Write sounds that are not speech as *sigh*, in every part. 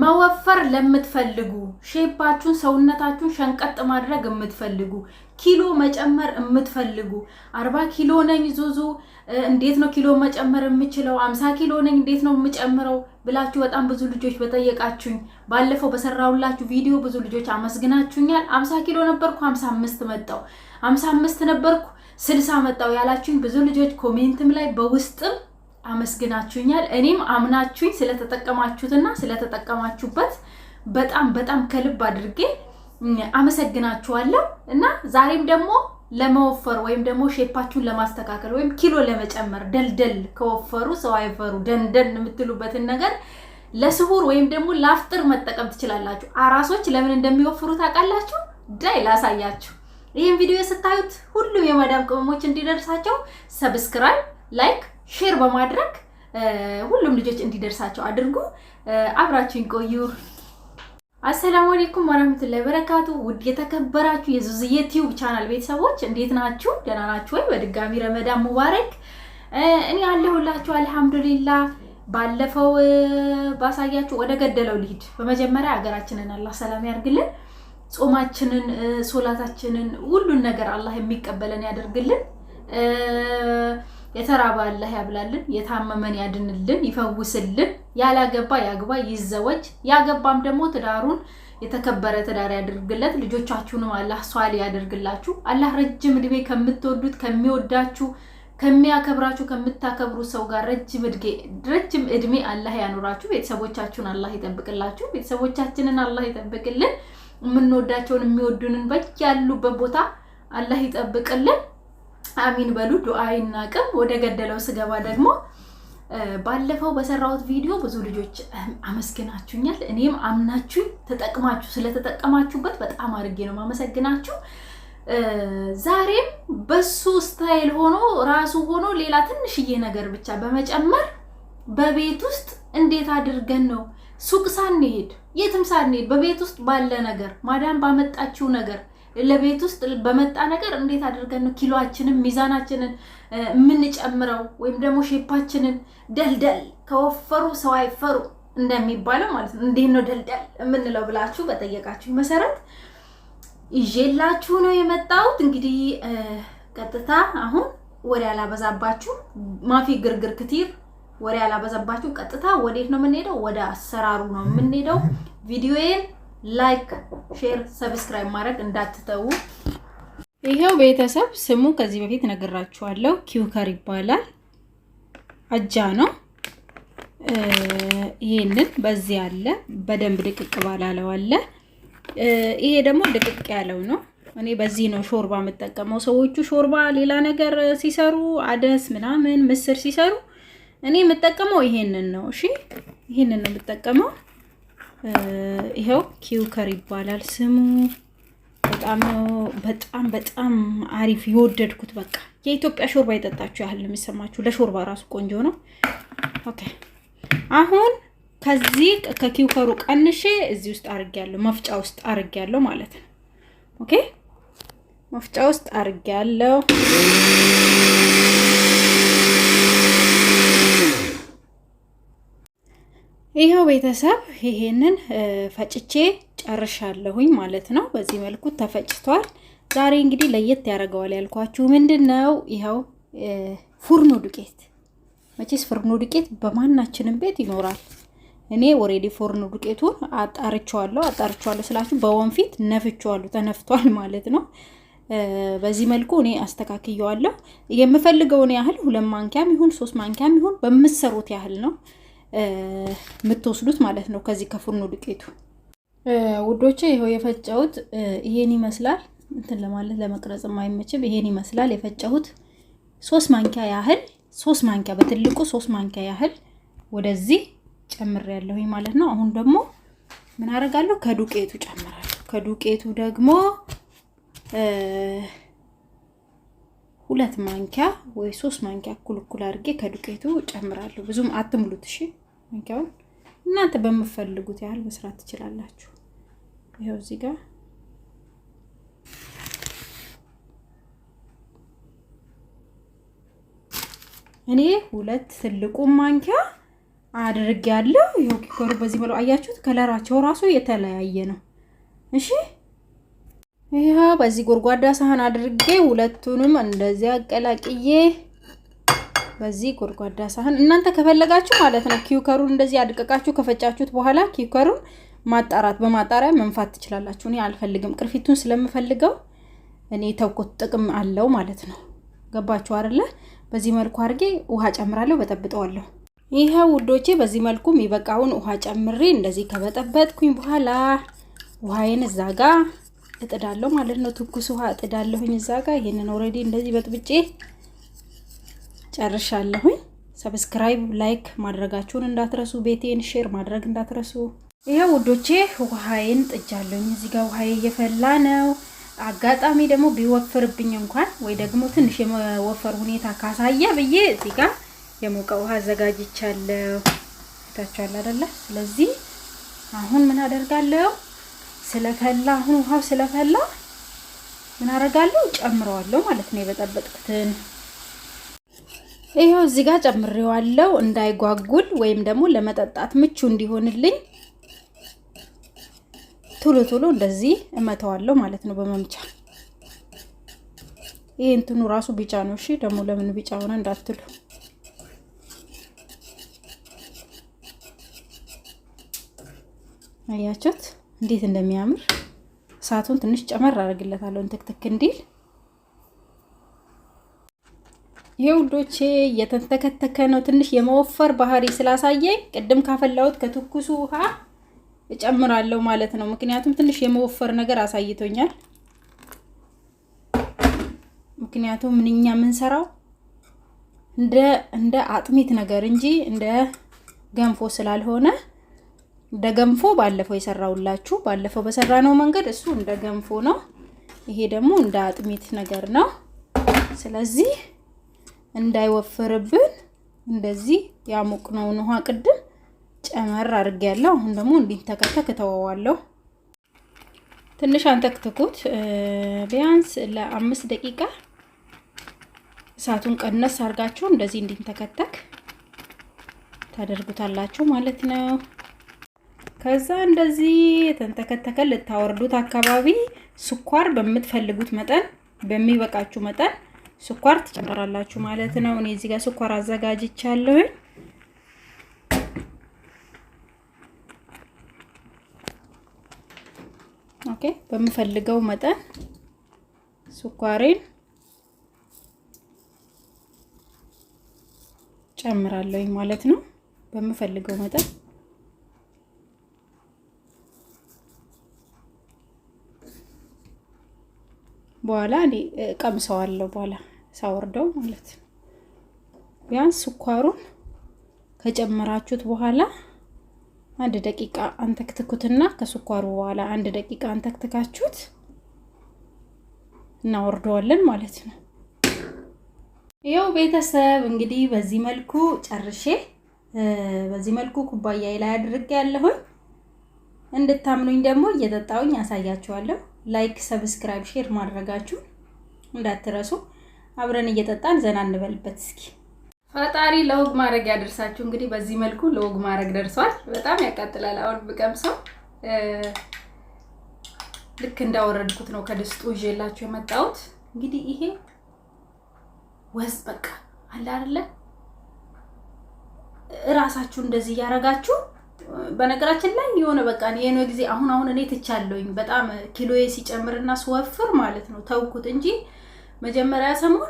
መወፈር ለምትፈልጉ ሼፓችሁን ሰውነታችሁን ሸንቀጥ ማድረግ የምትፈልጉ ኪሎ መጨመር የምትፈልጉ አርባ ኪሎ ነኝ ዙዙ እንዴት ነው ኪሎ መጨመር የምችለው? አምሳ ኪሎ ነኝ እንዴት ነው የምጨምረው? ብላችሁ በጣም ብዙ ልጆች በጠየቃችሁኝ ባለፈው በሰራሁላችሁ ቪዲዮ ብዙ ልጆች አመስግናችሁኛል። አምሳ ኪሎ ነበርኩ ሀምሳ አምስት መጣው፣ ሀምሳ አምስት ነበርኩ ስልሳ መጣው ያላችሁኝ ብዙ ልጆች ኮሜንትም ላይ በውስጥም አመስግናችሁኛል። እኔም አምናችሁኝ ስለተጠቀማችሁትና ስለተጠቀማችሁበት በጣም በጣም ከልብ አድርጌ አመሰግናችኋለሁ እና ዛሬም ደግሞ ለመወፈር ወይም ደግሞ ሼፓችሁን ለማስተካከል ወይም ኪሎ ለመጨመር ደልደል ከወፈሩ ሰው አይፈሩ ደንደን የምትሉበትን ነገር ለስሁር ወይም ደግሞ ለአፍጥር መጠቀም ትችላላችሁ። አራሶች ለምን እንደሚወፍሩ ታውቃላችሁ? ዳይ ላሳያችሁ። ይህን ቪዲዮ ስታዩት ሁሉም የማዳም ቅመሞች እንዲደርሳቸው ሰብስክራይብ፣ ላይክ ሼር በማድረግ ሁሉም ልጆች እንዲደርሳቸው አድርጉ። አብራችሁን ቆዩ። አሰላሙ አለይኩም ወራህመቱላሂ በረካቱ። ውድ የተከበራችሁ የዙዝዬ ቲዩብ ቻናል ቤተሰቦች እንዴት ናችሁ? ደህና ናችሁ ወይ? በድጋሚ ረመዳን ሙባረክ። እኔ አለሁላችሁ አልሐምዱሊላ። ባለፈው ባሳያችሁ ወደ ገደለው ልሂድ። በመጀመሪያ ሀገራችንን አላህ ሰላም ያርግልን። ጾማችንን፣ ሶላታችንን፣ ሁሉን ነገር አላህ የሚቀበለን ያደርግልን። የተራባለህ ያብላልን፣ የታመመን ያድንልን፣ ይፈውስልን። ያላገባ ያግባ ይዘወጅ። ያገባም ደግሞ ትዳሩን የተከበረ ትዳር ያድርግለት። ልጆቻችሁንም አላህ ሷል ያደርግላችሁ። አላህ ረጅም እድሜ ከምትወዱት ከሚወዳችሁ ከሚያከብራችሁ ከምታከብሩ ሰው ጋር ረጅም እድሜ አላህ ያኖራችሁ። ቤተሰቦቻችሁን አላህ ይጠብቅላችሁ። ቤተሰቦቻችንን አላህ ይጠብቅልን። የምንወዳቸውን የሚወዱንን በያሉበት ቦታ አላህ ይጠብቅልን። አሚን በሉ። ዱዓ ይናቅም። ወደ ገደለው ስገባ ደግሞ ባለፈው በሰራሁት ቪዲዮ ብዙ ልጆች አመስግናችሁኛል። እኔም አምናችሁኝ ተጠቅማችሁ ስለተጠቀማችሁበት በጣም አድርጌ ነው ማመሰግናችሁ። ዛሬም በሱ ስታይል ሆኖ ራሱ ሆኖ ሌላ ትንሽዬ ነገር ብቻ በመጨመር በቤት ውስጥ እንዴት አድርገን ነው ሱቅ ሳንሄድ የትም ሳንሄድ በቤት ውስጥ ባለ ነገር ማዳም ባመጣችው ነገር ለቤት ውስጥ በመጣ ነገር እንዴት አድርገን ነው ኪሎችንን ሚዛናችንን የምንጨምረው ወይም ደግሞ ሼፓችንን ደልደል ከወፈሩ ሰው አይፈሩ እንደሚባለው ማለት ነው። እንዴት ነው ደልደል የምንለው ብላችሁ በጠየቃችሁ መሰረት ይዤላችሁ ነው የመጣሁት። እንግዲህ ቀጥታ አሁን ወሬ አላበዛባችሁ፣ ማፊ ግርግር ክቲር ወሬ አላበዛባችሁ። ቀጥታ ወዴት ነው የምንሄደው? ወደ አሰራሩ ነው የምንሄደው። ቪዲዮዬን ላይክ፣ ሼር፣ ሰብስክራይብ ማድረግ እንዳትተዉ። ይሄው ቤተሰብ ስሙ ከዚህ በፊት ነግራችኋለሁ። ኪውከር ይባላል። አጃ ነው። ይሄንን በዚህ አለ በደንብ ድቅቅ ባላለው አለ። ይሄ ደግሞ ድቅቅ ያለው ነው። እኔ በዚህ ነው ሾርባ የምጠቀመው። ሰዎቹ ሾርባ ሌላ ነገር ሲሰሩ አደስ ምናምን ምስር ሲሰሩ እኔ የምጠቀመው ይሄንን ነው። እሺ ይሄንን ነው የምጠቀመው። ይኸው ኪውከር ይባላል ስሙ። በጣም በጣም በጣም አሪፍ የወደድኩት በቃ የኢትዮጵያ ሾርባ የጠጣችሁ ያህል ነው የሚሰማችሁ። ለሾርባ ራሱ ቆንጆ ነው። ኦኬ አሁን ከዚህ ከኪውከሩ ቀንሼ እዚህ ውስጥ አድርጌያለሁ፣ መፍጫ ውስጥ አድርጌያለሁ ማለት ነው። ኦኬ መፍጫ ውስጥ አድርጌያለሁ። ይኸው ቤተሰብ ይሄንን ፈጭቼ ጨርሻለሁኝ ማለት ነው። በዚህ መልኩ ተፈጭቷል። ዛሬ እንግዲህ ለየት ያደርገዋል ያልኳችሁ ምንድን ነው? ይኸው ፉርኖ ዱቄት። መቼስ ፉርኖ ዱቄት በማናችንም ቤት ይኖራል። እኔ ኦሬዲ ፉርኖ ዱቄቱን አጣርቼዋለሁ። አጣርቼዋለሁ ስላችሁ በወንፊት ነፍቼዋለሁ፣ ተነፍቷል *laughs* ማለት ነው። በዚህ መልኩ እኔ አስተካክየዋለሁ። የምፈልገውን ያህል ሁለት ማንኪያም ይሁን ሶስት ማንኪያም ይሁን በምትሰሩት ያህል ነው የምትወስዱት ማለት ነው። ከዚህ ከፉርኖ ዱቄቱ ውዶቼ ይኸው የፈጨሁት ይሄን ይመስላል። እንትን ለማለት ለመቅረጽ የማይመችም ይሄን ይመስላል የፈጨሁት ሶስት ማንኪያ ያህል ሶስት ማንኪያ በትልቁ ሶስት ማንኪያ ያህል ወደዚህ ጨምር ጨምሬያለሁኝ ማለት ነው። አሁን ደግሞ ምን አደርጋለሁ? ከዱቄቱ ጨምራለሁ። ከዱቄቱ ደግሞ ሁለት ማንኪያ ወይ ሶስት ማንኪያ እኩል እኩል አድርጌ ከዱቄቱ ጨምራለሁ። ብዙም አትሙሉት እሺ። ማንኪያውን እናንተ በምፈልጉት ያህል መስራት ትችላላችሁ። ይኸው እዚህ ጋር እኔ ሁለት ትልቁ ማንኪያ አድርግ ያለው ይኸው ኪኮሩ በዚህ ብለው አያችሁት፣ ከለራቸው ራሱ የተለያየ ነው። እሺ ይኸው በዚህ ጎድጓዳ ሳህን አድርጌ ሁለቱንም እንደዚያ አቀላቅዬ በዚህ ጎድጓዳ ሳህን እናንተ ከፈለጋችሁ ማለት ነው ኪውከሩን እንደዚህ አድቀቃችሁ ከፈጫችሁት በኋላ ኪውከሩን ማጣራት በማጣሪያ መንፋት ትችላላችሁ። እኔ አልፈልግም፣ ቅርፊቱን ስለምፈልገው እኔ ተውኩት። ጥቅም አለው ማለት ነው። ገባችሁ አይደለ? በዚህ መልኩ አድርጌ ውሃ ጨምራለሁ፣ በጠብጠዋለሁ። ይሄ ውዶቼ በዚህ መልኩ የሚበቃውን ውሃ ጨምሬ እንደዚህ ከበጠበጥኩኝ በኋላ ውሃዬን እዛ ጋር እጥዳለሁ ማለት ነው። ትኩስ ውሃ እጥዳለሁኝ እዛ ጋር። ይህንን ኦልሬዲ እንደዚህ በጥብጬ ጨርሻለሁኝ። ሰብስክራይብ፣ ላይክ ማድረጋችሁን እንዳትረሱ። ቤቴን ሼር ማድረግ እንዳትረሱ። ይሄ ውዶቼ ውሃዬን ጥጃለሁኝ። እዚህ ጋር ውሃዬ እየፈላ ነው። አጋጣሚ ደግሞ ቢወፍርብኝ እንኳን ወይ ደግሞ ትንሽ የመወፈር ሁኔታ ካሳየ ብዬ እዚህ ጋር የሞቀ ውሃ አዘጋጅቻለሁ። ታችኋል አይደለ? ስለዚህ አሁን ምን አደርጋለሁ? ስለፈላ አሁን ውሃው ስለፈላ ምን አደርጋለሁ? ጨምረዋለሁ ማለት ነው የበጠበጥኩትን ይኸው እዚህ ጋር ጨምሬዋለሁ እንዳይጓጉል ወይም ደግሞ ለመጠጣት ምቹ እንዲሆንልኝ ቶሎ ቶሎ እንደዚህ እመተዋለሁ ማለት ነው በመምቻ። ይሄ እንትኑ ራሱ ቢጫ ነው። እሺ ደግሞ ለምን ቢጫ ሆነ እንዳትሉ። አያችሁት እንዴት እንደሚያምር። እሳቱን ትንሽ ጨመር አደርግለታለሁ እንትክትክ እንዲል የውዶቼ የተንተከተከ ነው። ትንሽ የመወፈር ባህሪ ስላሳየኝ ቅድም ካፈላሁት ከትኩሱ ውሃ እጨምራለሁ ማለት ነው። ምክንያቱም ትንሽ የመወፈር ነገር አሳይቶኛል። ምክንያቱም ምንኛ የምንሰራው እንደ እንደ አጥሚት ነገር እንጂ እንደ ገንፎ ስላልሆነ እንደ ገንፎ ባለፈው የሰራውላችሁ ባለፈው በሰራነው መንገድ እሱ እንደ ገንፎ ነው። ይሄ ደግሞ እንደ አጥሚት ነገር ነው። ስለዚህ እንዳይወፍርብን እንደዚህ ያሞቅነውን ውሃ ቅድም ጨመር አድርጌያለሁ። አሁን ደግሞ እንዲንተከተክ እተወዋለሁ። ትንሽ አንተክትኩት። ቢያንስ ለአምስት ደቂቃ እሳቱን ቀነስ አድርጋችሁ እንደዚህ እንዲንተከተክ ታደርጉታላችሁ ማለት ነው። ከዛ እንደዚህ የተንተከተከ ልታወርዱት አካባቢ ስኳር በምትፈልጉት መጠን በሚበቃችሁ መጠን ስኳር ትጨምራላችሁ ማለት ነው። እኔ እዚህ ጋር ስኳር አዘጋጅቻለሁ። ኦኬ በምፈልገው መጠን ስኳሬን ጨምራለሁ ማለት ነው። በምፈልገው መጠን በኋላ እኔ ቀምሰዋለሁ በኋላ ሳወርደው ማለት ነው። ቢያንስ ስኳሩን ከጨመራችሁት በኋላ አንድ ደቂቃ አንተክትኩትና ከስኳሩ በኋላ አንድ ደቂቃ አንተክትካችሁት እናወርደዋለን ማለት ነው። ይኸው ቤተሰብ እንግዲህ በዚህ መልኩ ጨርሼ በዚህ መልኩ ኩባያ ላይ አድርጌ ያለሁኝ እንድታምኑኝ ደግሞ እየጠጣውኝ ያሳያችኋለሁ። ላይክ፣ ሰብስክራይብ፣ ሼር ማድረጋችሁ እንዳትረሱ። አብረን እየጠጣን ዘና እንበልበት እስኪ። ፈጣሪ ለወግ ማድረግ ያደርሳችሁ። እንግዲህ በዚህ መልኩ ለወግ ማድረግ ደርሷል። በጣም ያቃጥላል። አሁን ብቀምሰው ልክ እንዳወረድኩት ነው ከድስጡ ይዤላችሁ የመጣሁት። እንግዲህ ይሄ ወዝ በቃ አለ አይደለ? እራሳችሁ እንደዚህ እያደረጋችሁ በነገራችን ላይ የሆነ በቃ የሆነ ጊዜ አሁን አሁን እኔ ትቻለሁኝ በጣም ኪሎዬ ሲጨምርና ስወፍር ማለት ነው ተውኩት እንጂ መጀመሪያ ሰሞን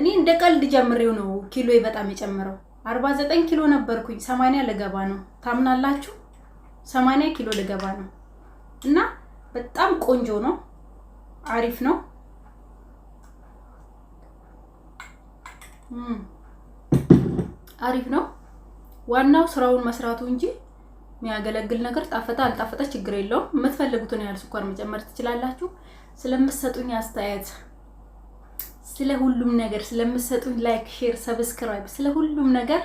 እኔ እንደ ቀልድ ጀምሬው ነው ኪሎዬ በጣም የጨምረው። አርባ ዘጠኝ ኪሎ ነበርኩኝ ሰማንያ ልገባ ነው። ታምናላችሁ? ሰማንያ ኪሎ ልገባ ነው እና በጣም ቆንጆ ነው፣ አሪፍ ነው። አሪፍ ነው። ዋናው ስራውን መስራቱ እንጂ የሚያገለግል ነገር ጣፈጠ አልጣፈጠ ችግር የለውም። የምትፈልጉትን ያህል ስኳር መጨመር ትችላላችሁ። ስለምትሰጡኝ አስተያየት፣ ስለ ሁሉም ነገር ስለምትሰጡኝ ላይክ፣ ሼር፣ ሰብስክራይብ ስለ ሁሉም ነገር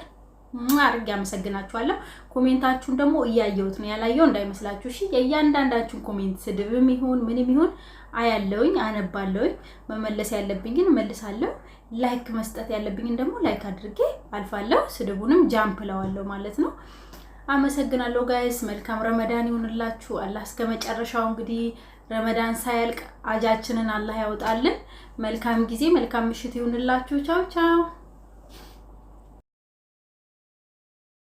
አድርጌ አመሰግናችኋለሁ። ኮሜንታችሁን ደግሞ እያየሁት ነው፣ ያላየው እንዳይመስላችሁ እሺ። የእያንዳንዳችሁን ኮሜንት ስድብም ይሁን ምንም ይሁን አያለውኝ፣ አነባለውኝ። መመለስ ያለብኝ ግን እመልሳለሁ። ላይክ መስጠት ያለብኝን ደግሞ ላይክ አድርጌ አልፋለሁ። ስድቡንም ጃምፕ ለዋለሁ ማለት ነው። አመሰግናለሁ ጋይስ። መልካም ረመዳን ይሁንላችሁ። አላህ እስከ መጨረሻው እንግዲህ ረመዳን ሳያልቅ አጃችንን አላህ ያውጣልን። መልካም ጊዜ፣ መልካም ምሽት ይሁንላችሁ። ቻው ቻው